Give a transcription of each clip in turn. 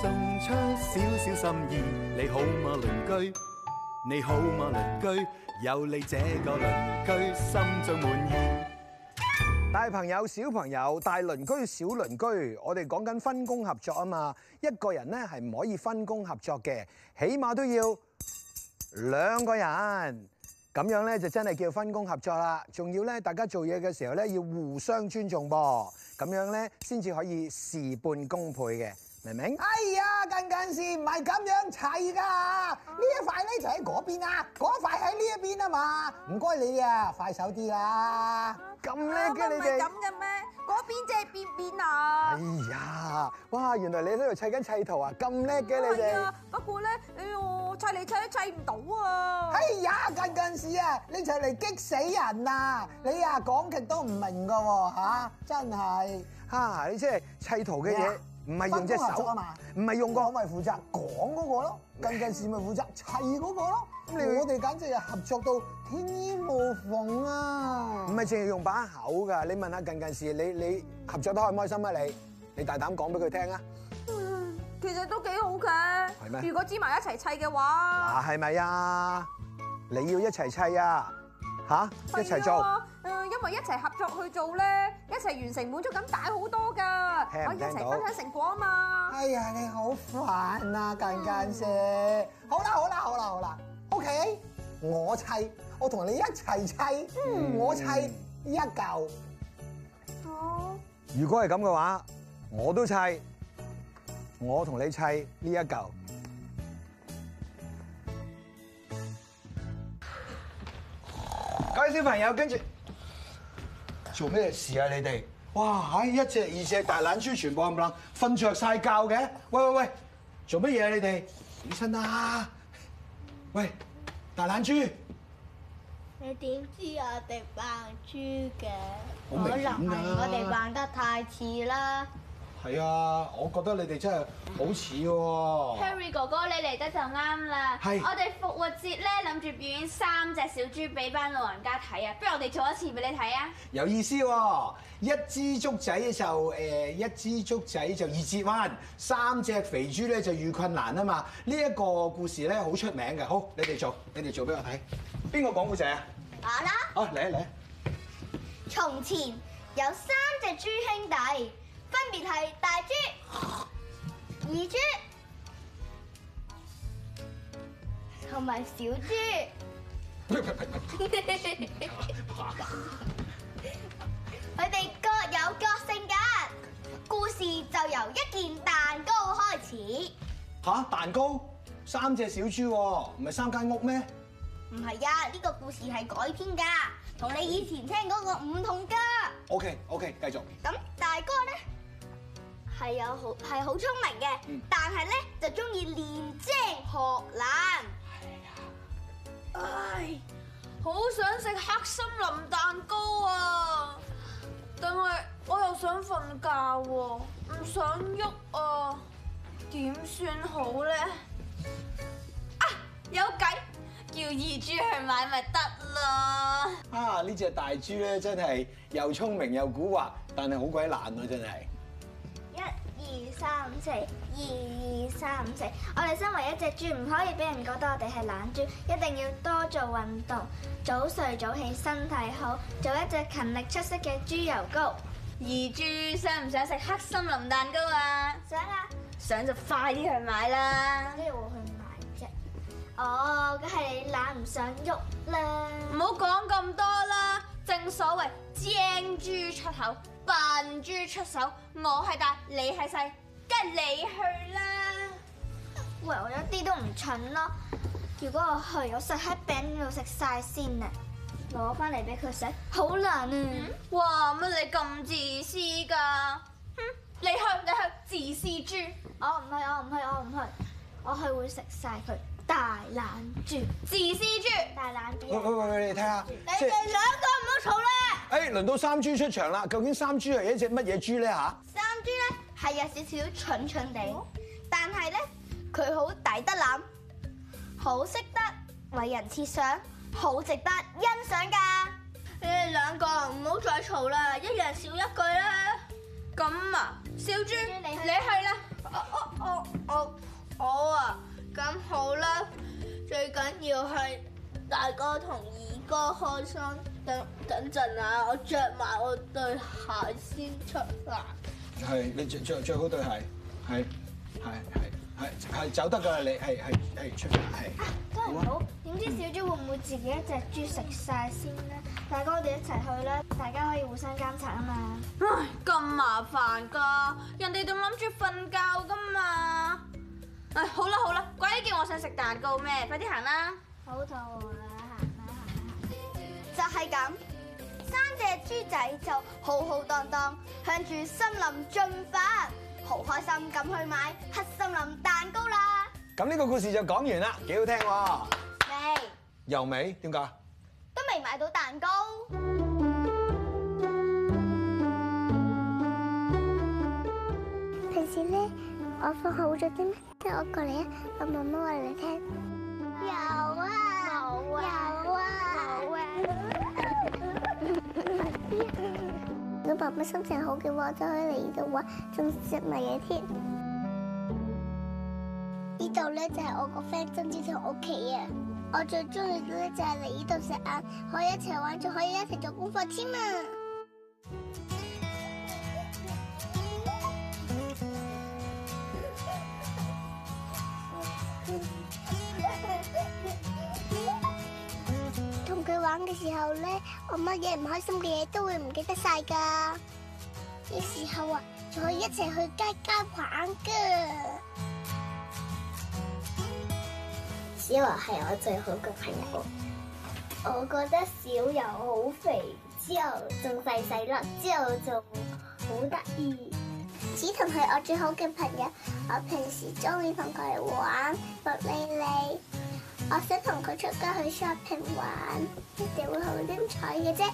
送出少少心意，你好嘛鄰居？你好嘛鄰居？有你這個鄰居，心中滿意。大朋友、小朋友、大鄰居、小鄰居，我哋講緊分工合作啊嘛。一個人咧係唔可以分工合作嘅，起碼都要兩個人，咁樣咧就真係叫分工合作啦。仲要咧，大家做嘢嘅時候咧要互相尊重噃，咁樣咧先至可以事半功倍嘅。明明，哎呀，近近時唔係咁樣砌噶，呢一塊呢就喺嗰邊啊，嗰塊喺呢一邊啊嘛，唔該你啊，快手啲啦，咁叻嘅你哋，唔係咁嘅咩？嗰邊即係邊邊啊！哎呀，哇，原來你喺度砌緊砌圖啊，咁叻嘅你哋，不過咧，哎呀，砌嚟砌都砌唔到啊！哎呀，近近時啊，你砌嚟激死人啊！你啊，講極都唔明噶，吓，真係，吓，你即係砌圖嘅嘢，唔係用隻手啊嘛，唔係用個口咪負責講嗰個咯。近近事咪負責砌嗰個咯。咁你我哋簡直係合作到天衣無縫啊！唔係淨係用把口㗎，你問下近近事，你你合作得開唔開心啊？你你大膽講俾佢聽啊！其實都幾好嘅。係咩？如果支埋一齊砌嘅話，嗱，係咪啊？你要一齊砌啊！嚇，啊，一齊做。啊。因為一齊合作去做咧，一齊完成滿足感大好多噶，是不是我一齊分享成果啊嘛。哎呀，你好煩啊，間間先好啦好啦好啦好啦，OK，我砌，我同你一齊砌，嗯、我砌呢一嚿。好、嗯。如果係咁嘅話，我都砌，我同你砌呢一嚿。嗯、各位小朋友跟住。做咩事啊？你哋哇！唉，一隻二隻大懶豬，全部冚唪唥瞓着晒覺嘅。喂喂喂，做乜嘢啊？你哋起身啦！喂，大懶豬，你點知我哋扮豬嘅？可能係我哋扮得太似啦。係啊，我覺得你哋真係好似喎。Harry 哥哥，你嚟得就啱啦。係是，我哋復活節咧諗住表演三隻小豬俾班老人家睇啊，不如我哋做一次俾你睇啊。有意思喎。啊，一支竹仔就誒，一支竹仔就二折彎，三隻肥豬咧就遇困難啊嘛。呢、這、一個故事咧好出名嘅，好，你哋做，你哋做俾我睇。邊個講故事啊？呢好啊，啦。哦，嚟啊嚟啊！從前有三隻豬兄弟。分別係大豬、二豬同埋小豬，佢哋各有各性格。故事就由一件蛋糕開始。嚇，蛋糕？三隻小豬唔係三間屋咩？唔係呀，呢個故事係改編㗎，同你以前聽嗰個唔同㗎。OK，OK，繼續。咁大哥咧？係有好係好聰明嘅，但係咧就中意練精學懶了。係啊、哎，唉，好想食黑森林蛋糕啊！但係我又想瞓覺，唔想喐啊，點、啊、算好咧？啊，有計，叫二豬去買咪得啦。啊，隻豬呢隻大豬咧，真係又聰明又古惑，但係好鬼懶啊，真係。二三五四，二二三五四。我哋身為一隻豬，唔可以俾人覺得我哋係懶豬，一定要多做運動，早睡早起，身體好，做一隻勤力出色嘅豬油膏。二豬想唔想食黑森林蛋糕啊？想啊啦！想就快啲去買啦！跟住我去買啫？哦，梗係你懶唔想喐啦！唔好講咁多啦！正所謂，精豬出口，笨豬出手，我係大，你係細，梗係你去啦。喂，我一啲都唔蠢咯。如果我去，我食喺餅度食晒先啊，攞翻嚟俾佢食，好難啊！哇，乜你咁自私噶？你去你去，去，自私豬！我唔去，我唔去，我唔去，去，我去會食晒佢。大懶豬，自私豬，大懶豬。喂喂喂，你睇下，是你哋兩個唔好嘈啦。哎，輪到三豬出場啦，究竟三豬係一隻乜嘢豬咧吓？三豬咧係有少少蠢蠢地，但係咧佢好抵得諗，好識得為人設想，好值得欣賞噶。你哋兩個唔好再嘈啦，一人笑一句啦。咁啊，小豬，你去啦。你去咁好啦，最緊要係大哥同二哥開心。等等陣啊，我着埋我對鞋先出嚟。係你着着着好對鞋，係係係係係走得噶啦，你係係係出嚟。啊，真係好，點知小豬會唔會自己一隻豬食晒先咧？ 大哥，我哋一齊去啦，大家可以互相監察啊嘛。唉，咁麻煩噶，人哋仲諗住瞓覺噶嘛。哎，好啦好啦，鬼叫我想食蛋糕咩？快啲行啦！好肚餓，行啦行啦，就係咁。三隻豬仔就浩浩蕩蕩向住森林進發，好開心咁去買黑森林蛋糕啦！咁呢個故事就講完啦，幾好聽喎沒。未。又未點解？都未買到蛋糕。平時咧，我放學做啲咩？我今日同媽媽話你聽，有啊，有啊，有啊，有啊。如果爸爸心情好嘅話，就可以嚟呢度玩，仲食埋嘢添。呢度咧就係我個 friend 曾志成屋企啊！ 我最中意咧就係嚟呢度食晏，可以一齊玩，仲可以一齊做功課添啊！ 玩嘅時候呢，我乜嘢唔開心嘅嘢都會唔記得晒噶。有時候啊，仲可以一齊去街街玩噶。小華係我最好嘅朋友。我覺得小友好肥，之後仲細細粒，之後仲好得意。紫彤係我最好嘅朋友，我平時中意同佢玩茉莉莉。我想同佢出街去 shopping 玩，一定會好精彩嘅啫。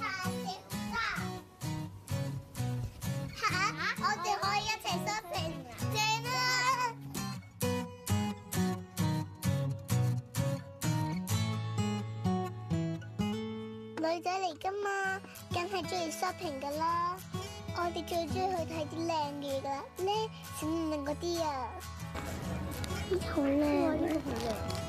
哈少沙，哈我哋可以一齊 shopping 啊！正啦！女仔嚟噶嘛，梗係中意 shopping 噶啦。我哋最中意去睇啲靚嘢噶啦，咩？閃亮嗰啲啊！好靚，好靚。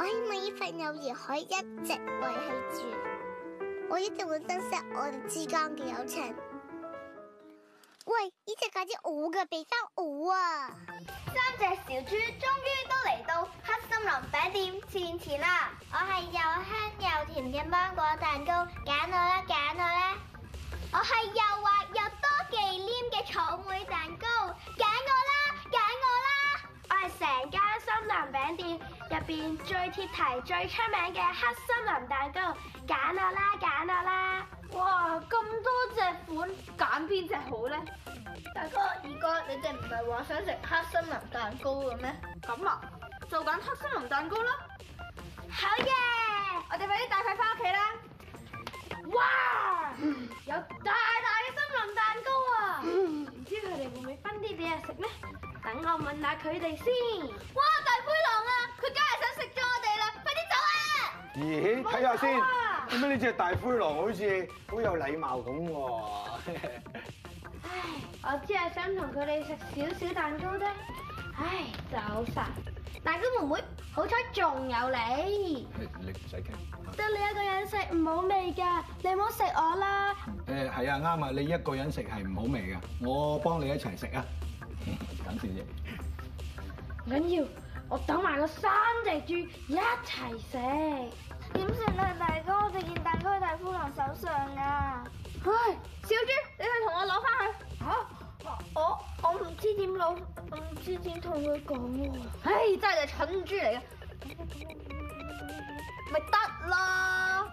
我希望呢份友誼可以一直維繫住，我一直會珍惜我哋之間嘅友情。喂，呢隻戒指我嘅俾翻我啊！三隻小豬終於都嚟到黑森林餅店面前啦！我係又香又甜嘅芒果蛋糕，揀我啦！揀我啦！我係又滑又多忌廉嘅草莓蛋糕，揀我啦！係成間森林餅店入邊最貼題、最出名嘅黑森林蛋糕，揀我啦，揀我啦！哇，咁多隻款，揀邊隻好咧？嗯？大哥、二哥，你哋唔係話想食黑森林蛋糕嘅咩？咁啊，就揀黑森林蛋糕啦！好嘢耶，我哋快啲帶佢翻屋企啦！哇，有大大嘅森林蛋糕啊！唔、嗯、知佢哋會唔會分啲畀人食咧？等我問下佢哋先。哇，大灰狼啊，佢梗係想食咗我哋啦，快啲走啦！咦，睇下先，點解呢隻大灰狼好似好有禮貌咁喎？唉，我只係想同佢哋食少少蛋糕啫。唉，走晒。大哥妹妹，好彩仲有你。你唔使驚，得你一個人食唔好味噶，你唔好食我啦。誒，係啊，啱啊，你一個人食係唔好味噶，我幫你一齊食啊。緊住啫，唔緊要，我等埋嗰三隻豬一齊食。點算啊，大哥，只件蛋糕喺大夫人手上啊。唉，小豬，你去同我攞翻去。吓？我我唔知點攞，我唔知點同佢講。唉，真係蠢豬嚟嘅，咪得咯。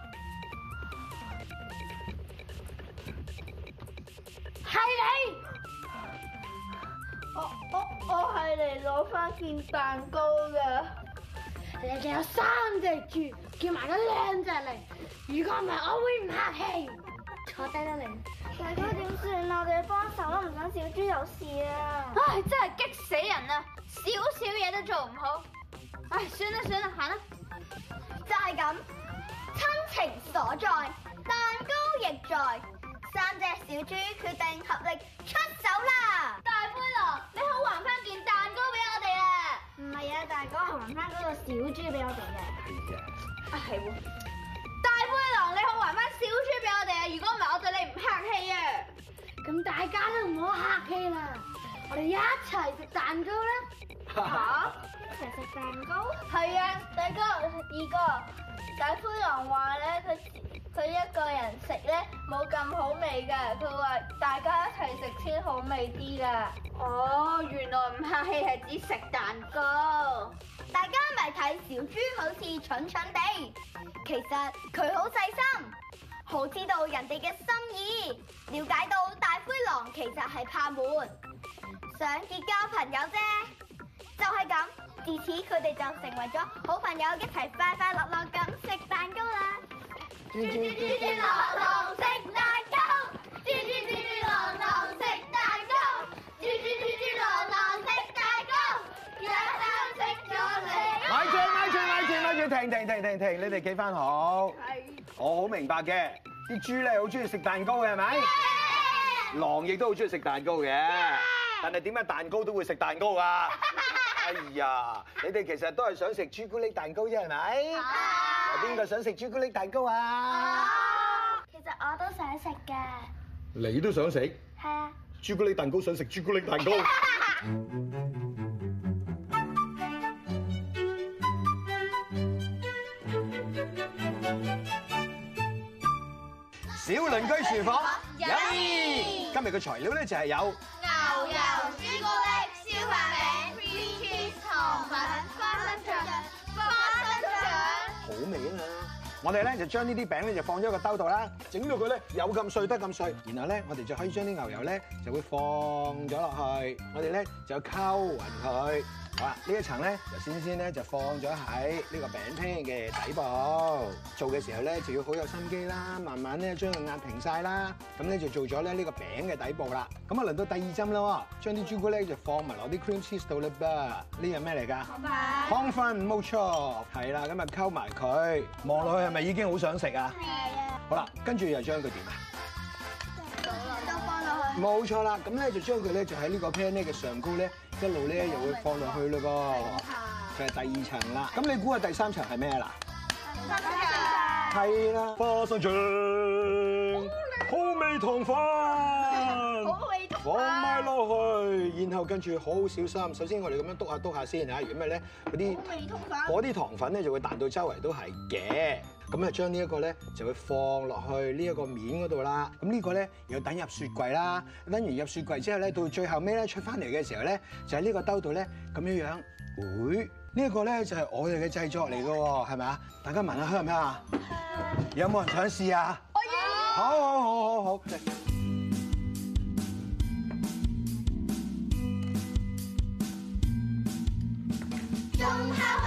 係你！我我我係嚟攞翻件蛋糕噶，你哋有三隻豬，叫埋多兩隻嚟。如果唔係，我會唔客氣。 坐低啦，嚟！大哥點算啊？ 我哋要幫手咯，唔想小豬有事啊！唉、哎，真係激死人啦！少少嘢都做唔好。唉、哎，算啦算啦，行啦，就係咁，親情所在，蛋糕亦在，三隻小豬決定合力出走啦！你好，還翻件蛋糕俾我哋啊！唔係啊，大哥，還翻嗰個小豬俾我哋啊！Yes. 啊係喎、啊，大灰狼，你好還翻小豬俾我哋啊！如果唔係，我對你唔客氣啊！咁大家都唔好客氣啦，我哋一齊食蛋糕啦！吓、 啊？一齊食蛋糕？係 啊，大哥、二哥，大灰狼話咧，佢。佢一個人食呢冇咁好味㗎，佢話大家一齊食先好味啲㗎。哦，原來唔係係指食蛋糕。大家咪睇小豬好似蠢蠢地，其實佢好細心，好知道人哋嘅心意，瞭解到大灰狼其實係怕悶，想結交朋友啫。就係咁，自此佢哋就成為咗好朋友，一齊快快樂樂咁食蛋糕啦。豬豬豬豬狼狼食蛋糕，豬豬豬豬狼狼食蛋糕，豬豬豬豬狼狼食蛋糕，一餐食咗你。買住買住買住買住，停停停停停，你哋企翻好。係，我好明白嘅，啲豬咧好中意食蛋糕嘅係咪？狼亦都好中意食蛋糕嘅，但係點解蛋糕都會食蛋糕啊？哎呀，你哋其實都係想食朱古力蛋糕啫係咪？邊個想食朱古力蛋糕啊？其實我都想食㗎。你都想食？係啊。朱古力蛋糕。想食朱古力蛋糕？小鄰居廚房，有。今日嘅材料咧就係有。我哋咧就將呢啲餅咧就放咗個兜度啦，整到佢咧有咁碎得咁碎，然後咧我哋就可以將啲牛油咧就會放咗落去，我哋咧就溝勻佢。好啦，一層呢一層咧就先先咧就放咗喺呢個餅胚嘅底部，做嘅時候咧就要好有心機啦，慢慢咧將佢壓平晒啦，咁咧就做咗咧呢個餅嘅底部啦。咁啊輪到第二針啦，將啲朱古力就放埋，落啲 cream cheese 度啦噃，呢樣咩嚟噶？好吧康粉。康粉冇錯。係啦，咁啊溝埋佢，望落去係咪已經想好想食啊？係啊吧。好啦，跟住又將佢點啊？冇錯啦，咁咧就將佢咧就喺呢個 pan 嘅上高咧，一路咧又會放落去嘞噃，就係、嗯嗯、第二層啦。咁、嗯、你估下第三層係咩啦？第三層係啦花生醬，好味糖粉，好味放埋落去，然後跟住好好小心。首先我哋咁樣篤下篤下先啊，如果唔係咧嗰啲嗰啲糖粉咧就會彈到周圍都係嘅。咁就將呢一個咧，就會放落去呢一個面嗰度啦。咁、這、呢個咧又等入雪櫃啦。等完入雪櫃之後咧，到最後尾咧出翻嚟嘅時候咧，就喺呢個兜度咧咁樣樣。咦、哎？呢、這、一個咧就係我哋嘅製作嚟嘅喎，係咪啊？大家聞，聞下香唔香啊？ 有冇人想試啊？好 好好好好。好